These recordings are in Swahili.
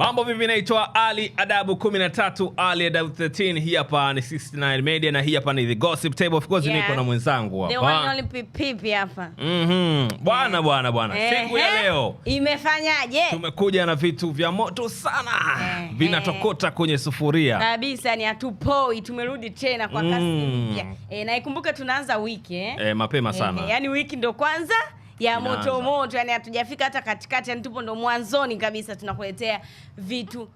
Mambo vipi? Naitwa Ali Adabu 13, Ali Adabu 13. Hii hapa ni 69 Media na hii hapa ni The Gossip Table. Of course Niko na mwenzangu hapa. The one only pipi hapa. Mhm. Bwana yeah. Bwana bwana. siku ya leo imefanyaje? Tumekuja na vitu vya moto sana. vinatokota kwenye sufuria. Kabisa ni hatupoi. Tumerudi tena kwa kasi mm. mpya. Eh, na ikumbuke tunaanza wiki eh. Eh, mapema sana. yani wiki ndo kwanza ya moto moto, yani hatujafika hata katikati, yani tupo ndo mwanzoni kabisa, tunakuletea vitu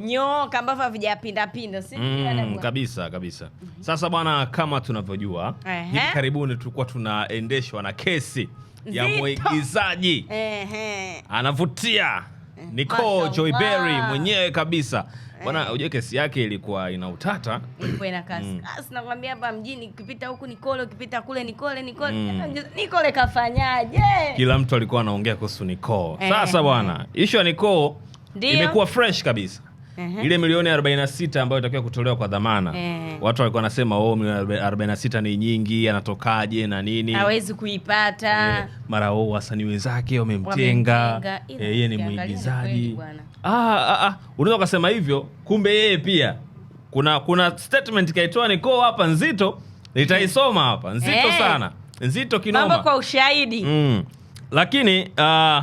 nyoka ambavyo pinda, si mm, kabisa kabisa. mm -hmm. Sasa bwana, kama tunavyojua hivi karibuni tulikuwa tunaendeshwa na kesi ya mwigizaji anavutia Eh. Nicole Joyberry mwenyewe kabisa eh. bwana. Unajua kesi yake ilikuwa ina utata, ilikuwa ina kasi kasi, mm. ah, nakwambia hapa mjini, ukipita huku Nicole, ukipita kule Nicole, Nicole mm. Nicole yaani, kafanyaje? Kila mtu alikuwa anaongea kuhusu Nicole. Eh. Sasa bwana, ishu ya Nicole imekuwa fresh kabisa -huh. Ile milioni 46 ambayo itakiwa kutolewa kwa dhamana. -huh. Watu walikuwa wanasema oh, milioni 46 ni nyingi, anatokaje na nini? Hawezi kuipata. E, mara wao oh, wasanii wenzake wamemtenga. Eh, yeye ni mwigizaji. Ah, ah, ah. Unaweza kusema hivyo, kumbe yeye pia kuna kuna statement kaitoa niko hapa nzito, nitaisoma hapa. Nzito hey, eh. sana. Nzito kinoma. Mambo kwa ushahidi. Mm. Lakini uh,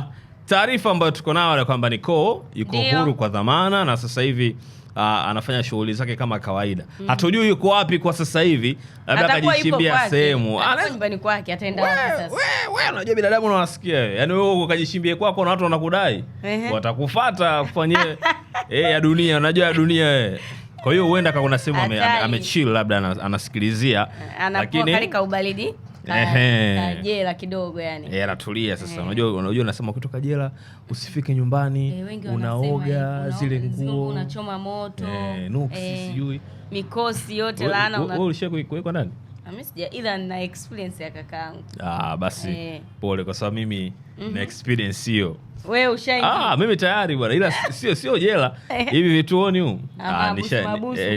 taarifa ambayo tuko nayo ni kwamba Nicole yuko Dio. huru kwa dhamana na sasa hivi Uh, anafanya shughuli zake kama kawaida mm. Hatujui yuko wapi kwa sasa hivi, labda akajichimbia sehemu nyumbani kwake. Ataenda wapi sasa? Wewe unajua binadamu, unawasikia wewe, yaani wewe uko ukajishimbie kwako na watu wanakudai watakufuata kufanyie eh, ya dunia, unajua ya dunia wewe. Eh. Kwa hiyo huenda kuna sehemu amechill, labda anasikilizia, lakini kalika ubaridi jela kidogo yani. Eh, anatulia sasa. Eh. Unajua unajua nasema kutoka jela usifike nyumbani e, unaoga zile nguo unachoma moto. Eh, nuksi eh, sijui. Mikosi yote laana una. Wewe ulishakuwa kuwekwa ndani ah, Mimi sija ila na experience ya kakaangu. Ah, basi e. Pole kwa sababu mimi mm -hmm. na experience hiyo. Wewe ushaingia? Ah, mimi tayari bwana ila sio sio jela. Hivi vituoni huko. Ah, ah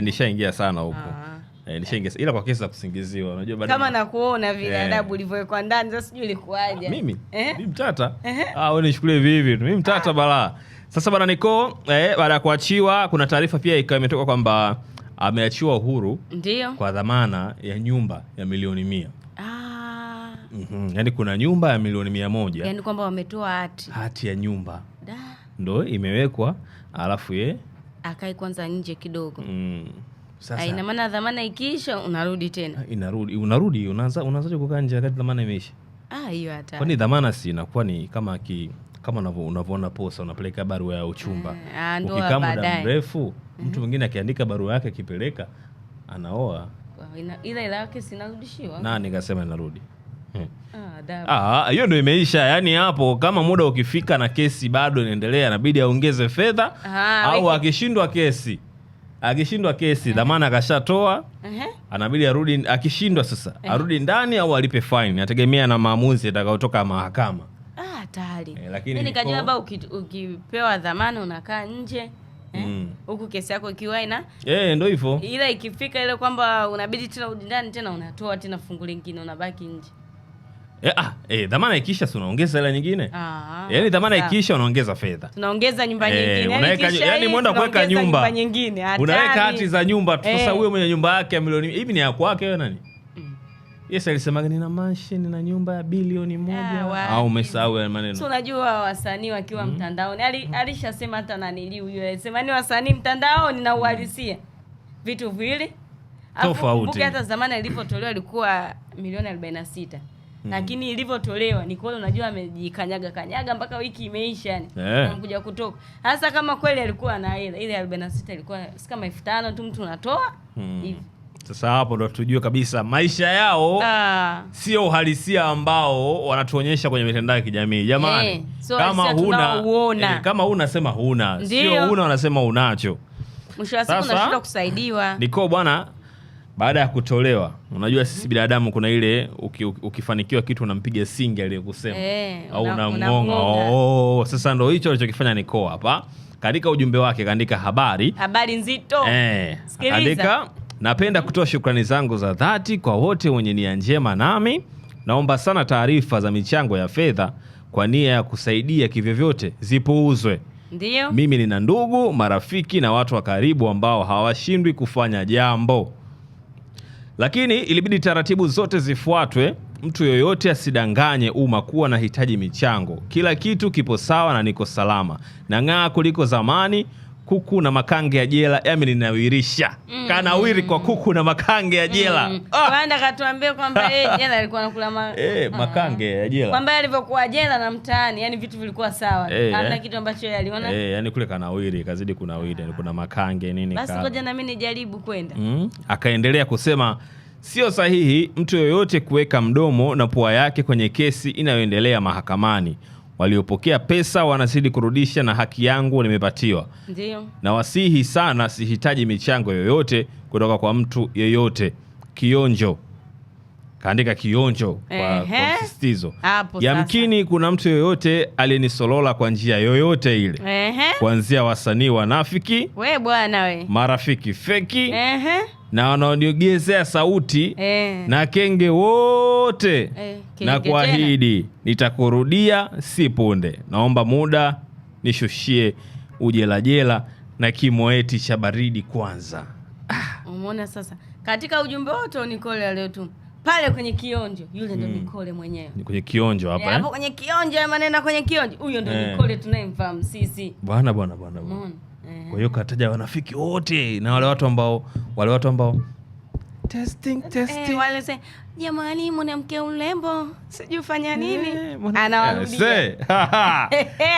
nishaingia nisha sana huko. ah. Eh, nishaingia ila kwa kesi za kusingiziwa. Unajua bado kama nakuona vile eh, adabu ulivyowekwa ndani sasa sijui ilikuwaje. Mimi eh, mimi mtata. Eh, ah wewe nishukulie vivi tu. Mimi mtata ah, bala. Sasa bwana niko eh, baada ya kuachiwa kuna taarifa pia ikawa imetoka kwamba ameachiwa uhuru ndio kwa dhamana ya nyumba ya milioni mia. Ah. Mm -hmm. Yaani kuna nyumba ya milioni mia moja. Yaani kwamba wametoa hati. Hati ya nyumba. Da. Ndio imewekwa alafu ye akai kwanza nje kidogo. Mm. Sasa ah, ina maana dhamana ikiisha unarudi tena. Ah, inarudi unarudi unaanza unaanza kukaa nje wakati dhamana imeisha? Ah, hiyo hata. Kwani dhamana si inakuwa ni kama ki kama unavyoona posa unapeleka barua ya uchumba. Eh, ah, ukikaa muda mrefu mtu mhm. mwingine akiandika barua yake akipeleka anaoa. Ila ila yake sinarudishiwa. Na nikasema inarudi. Hmm. Ah, ah, hiyo ndio imeisha. Yaani hapo kama muda ukifika na kesi bado inaendelea inabidi aongeze fedha au akishindwa kesi Akishindwa kesi dhamana akashatoa, anabidi arudi. Akishindwa sasa arudi ndani au alipe fine, nategemea na maamuzi atakaotoka mahakama. Ah, tayari. E, eh, lakini nikajua yaani baba ukipewa dhamana unakaa nje eh, mm. huku mm. Kesi yako ikiwa ina eh, ndio hivyo, ila ikifika ile kwamba unabidi tena udindani tena unatoa tena fungu lingine unabaki nje. Yeah, eh, eh, dhamana ikiisha si unaongeza hela nyingine. Ah, ah yaani dhamana ikiisha unaongeza fedha. Tunaongeza nyumba eh, nyingine. Yaani yaani eh, Unaweka yani mwenda kuweka nyumba. Unaweka hati za nyumba. Eh. Sasa huyo mwenye nyumba yake ya milioni hivi ni ya kwake wewe nani? Mm. Yes, alisema nina mansion na nyumba ya bilioni moja. Ah, Au umesahau ya maneno. So unajua wasanii wakiwa mm. mtandaoni. Ali mm. alishasema hata nanili huyo. Alisema ni wasanii mtandaoni na uhalisia. Vitu viwili Tofauti. Hata zamani ilipotolewa ilikuwa milioni 46. Mm. Lakini ilivyotolewa ni kweli, unajua amejikanyaga kanyaga mpaka wiki imeisha yani yeah. Anakuja kutoka hasa kama kweli alikuwa na hela ile 46 na ilikuwa si kama elfu tano tu mtu unatoa mm. hivi mm. Sasa hapo ndo tujue kabisa maisha yao ah. sio uhalisia ambao wanatuonyesha kwenye mitandao ya kijamii eh, jamani. Hey, so kama huna eh, kama huna sema huna, sio huna wanasema unacho. Mwisho wa siku unashindwa kusaidiwa. Niko bwana, baada ya kutolewa, unajua sisi mhm. binadamu kuna ile uki, ukifanikiwa kitu unampiga singi aliyokusema e, eh, au unamngonga oh. Sasa ndo hicho alichokifanya Nicole hapa katika ujumbe wake, kaandika habari habari nzito e, kaandika napenda mhm. kutoa shukrani zangu za dhati kwa wote wenye nia njema, nami naomba sana taarifa za michango ya fedha kwa nia ya kusaidia kivyovyote zipuuzwe. Ndiyo. Mimi nina ndugu, marafiki na watu wa karibu ambao hawashindwi kufanya jambo lakini ilibidi taratibu zote zifuatwe, mtu yoyote asidanganye umma kuwa nahitaji michango. Kila kitu kipo sawa na niko salama, nang'aa kuliko zamani kuku na makange ya jela yami ninawirisha mm. kanawiri kwa kuku na makange ya jela mm. ah. Wanda katuambia kwamba yeye jela alikuwa anakula ma... e, makange ya jela kwamba alivyokuwa jela na mtaani, yani vitu vilikuwa sawa e, hamna kitu ambacho yeye aliona e, yani kule kanawiri kazidi kunawiri ah. kuna makange nini, basi ngoja mimi nijaribu kwenda mm. Akaendelea kusema sio sahihi mtu yoyote kuweka mdomo na pua yake kwenye kesi inayoendelea mahakamani waliopokea pesa wanazidi kurudisha, na haki yangu nimepatiwa. Ndio. Na wasihi sana, sihitaji michango yoyote kutoka kwa mtu yeyote. Kionjo kaandika kionjo kwa msisitizo. Yamkini kuna mtu yoyote aliyenisolola kwa njia yoyote ile, kuanzia wasanii wanafiki, we bwana we, marafiki feki, ehe na wanaoniogezea sauti e, na kenge wote e, na kuahidi nitakurudia si punde. Naomba muda nishushie ujelajela na kimoeti cha baridi kwanza. Ah, umeona sasa, katika ujumbe wote Unikole aliotuma pale kwenye kionjo yule ndo Nikole mm. Nikole mwenyewe kwenye kionjo hapa eh, hapo, kwenye kionjo maneno, kwenye kionjo huyo ndo Nikole tunayemfahamu sisi bwana bwana bwana bwana. Kwa hiyo kataja wanafiki wote na wale watu ambao wale watu ambao Testing, testing. Eh, wale se jamani, mwanamke ulembo sijui fanya nini, anawarudia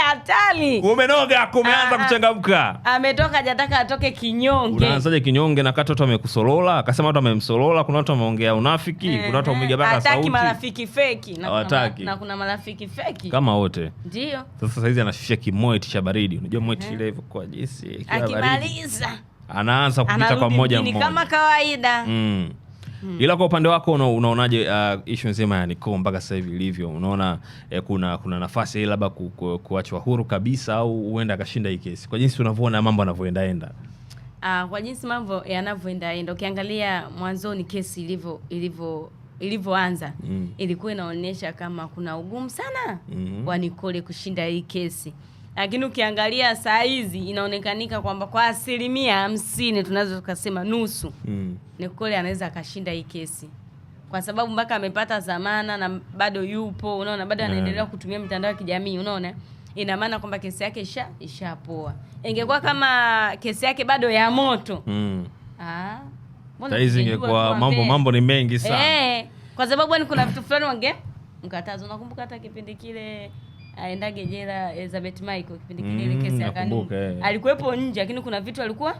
hatari. Umenoga, kumeanza ah, ah. kuchangamka, ametoka jataka atoke kinyonge. Unaanzaje kinyonge na kati watu wamekusolola, akasema watu wamemsolola. Kuna watu wameongea unafiki eh, kuna watu eh, wamepiga baka sauti, hataki marafiki feki na kuna, na kuna marafiki feki kama wote ndio. Sasa saizi anashusha kimoyo, tisha baridi. Unajua moyo eh. ile kwa jinsi akimaliza anaanza kupita kwa mmoja mmoja kama kawaida mm. Mm. Ila kwa upande wako unaonaje uh, ishu nzima ya Nicole mpaka sasa hivi ilivyo? Unaona eh, kuna kuna nafasi hii labda ku, ku, kuachwa huru kabisa au huenda akashinda hii kesi kwa jinsi unavyoona mambo yanavyoendaenda? Uh, kwa jinsi mambo yanavyoendaenda ukiangalia mwanzoni kesi ilivyo ilivyo ilivyoanza mm. ilikuwa inaonyesha kama kuna ugumu sana mm -hmm. wa Nicole kushinda hii kesi lakini ukiangalia saa hizi inaonekanika kwamba kwa asilimia hamsini tunaweza tukasema nusu mm. Nikole anaweza akashinda hii kesi kwa sababu mpaka amepata zamana na bado yupo, unaona bado anaendelea yeah. kutumia mitandao ya kijamii unaona, ina maana kwamba kesi yake isha ishapoa. Ingekuwa kama kesi yake bado ya moto mm. ah, ingekuwa mambo mambo ni mengi sana eh, kwa sababu yaani kuna vitu fulani wange mkataza. Unakumbuka hata kipindi kile aendage jela Elizabeth Michael kipindi kile ile mm, kesi ya kanuni eh. alikuwepo nje, lakini kuna vitu alikuwa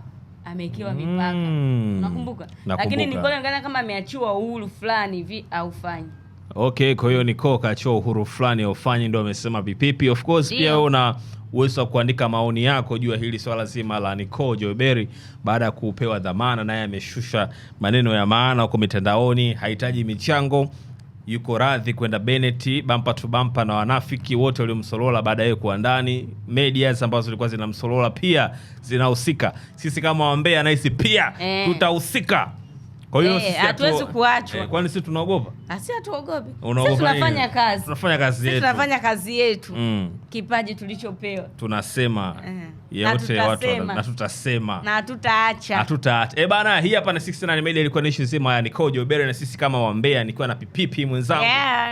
amewekewa mm, mipaka mm. Unakumbuka? Lakini Nicole anaonekana kama ameachiwa uhuru fulani hivi aufanye Okay, kwa hiyo Nicole kaachiwa uhuru fulani aufanye, ndio amesema vipipi. Of course Dio. pia wewe una uwezo wa kuandika maoni yako juu ya hili swala zima la Nicole Joyberi baada ya kupewa dhamana, naye ameshusha maneno ya maana huko mitandaoni, hahitaji michango yuko radhi kwenda beneti bampa tu bampa na wanafiki wote waliomsolola baada baadaye kuwa ndani. Medias ambazo zilikuwa zinamsolola pia zinahusika. Sisi kama wambea nahisi pia eh, tutahusika. Kwa hiyo eh, hatuwezi kuachwa, eh, kwani sisi tunaogopa Asi ah, hatuogopi. Tunafanya kazi. Tunafanya kazi yetu. Tunafanya kazi yetu. Mm. Kipaji tulichopewa. Tunasema. Uh, eh. -huh. yote watu na tutasema. Na tutaacha. Hatutaacha. Eh, bana hii hapa na 69 Media ilikuwa ni issue nzima ya Nicole Bere na sisi kama waambea nilikuwa na pipipi mwenzangu.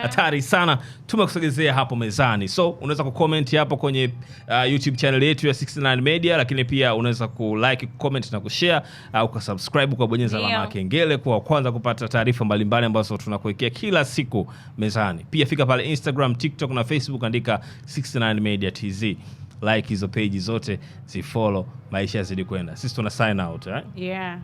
Hatari yeah, sana. Tumekusogezea hapo mezani. So unaweza kucomment hapo kwenye uh, YouTube channel yetu ya 69 Media lakini pia unaweza kulike, comment na kushare au uh, kusubscribe kwa bonyeza alama ya kengele kwa kwanza kupata taarifa mbalimbali ambazo tunakuwekea kusikia kila siku mezani. Pia fika pale Instagram, TikTok na Facebook, andika 69 Media TZ, like hizo page zote, zifollow, maisha yazidi kwenda. Sisi tuna sign out eh? yeah.